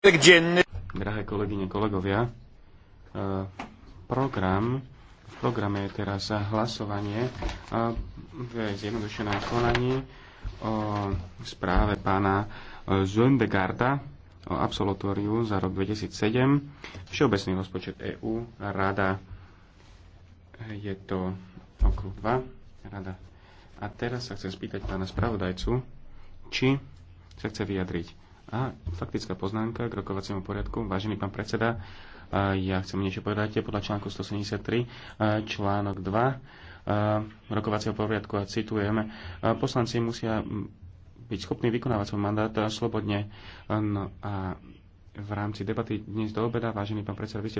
Drahé kolegyne, kolegovia, e, program, v programe je teraz hlasovanie v e, zjednodušenom konanie o správe pána e, Zundegarda o absolutóriu za rok 2007, Všeobecný rozpočet EÚ, Rada, je to okruh 2, Rada. A teraz sa chcem spýtať pána spravodajcu, či sa chce vyjadriť a faktická poznámka k rokovaciemu poriadku. Vážený pán predseda, ja chcem niečo povedať podľa článku 173, článok 2 rokovacieho poriadku a citujem. Poslanci musia byť schopní vykonávať svoj mandát slobodne. No a v rámci debaty dnes do obeda, vážený pán predseda, vy ste